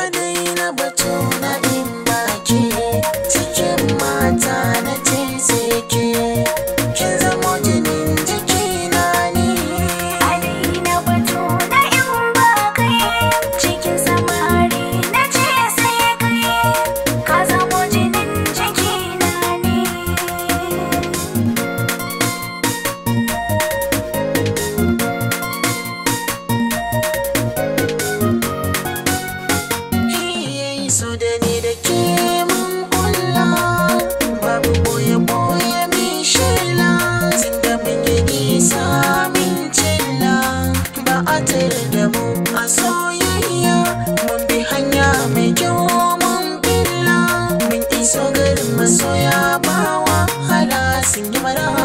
Adai na batu na in tere da mu a soyayya mun bi hanya mai kyau mun billa mun iso garin masoya ba ala sun yi maraha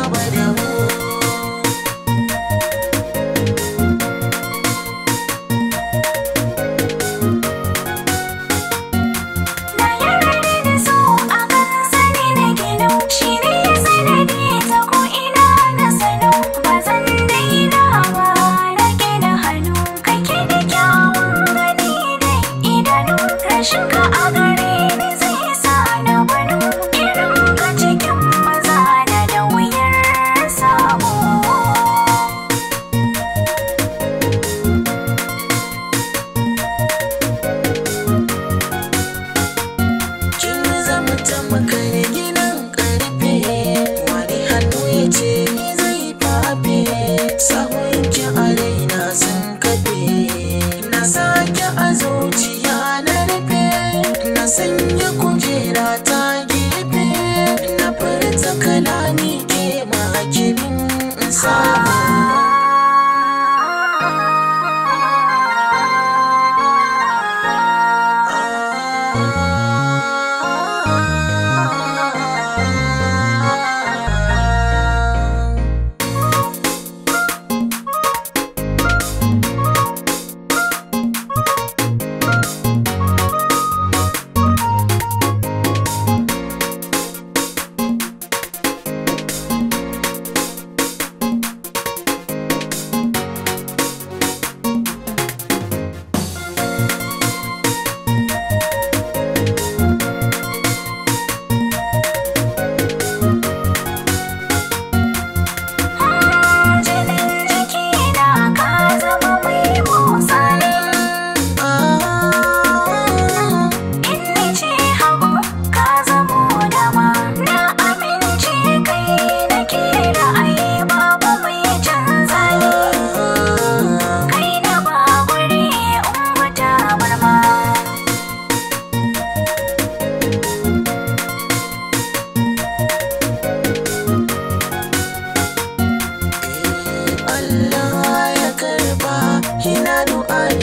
I